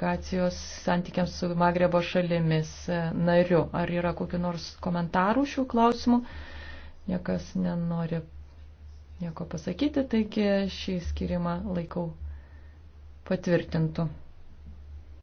delegacijos santykiams su Magrebo šalimis e, nariu. Ar yra kokiu nors komentarų šių klausimų? Niekas nenori nieko pasakyti, taigi šį skirimą laikau patvirtintų.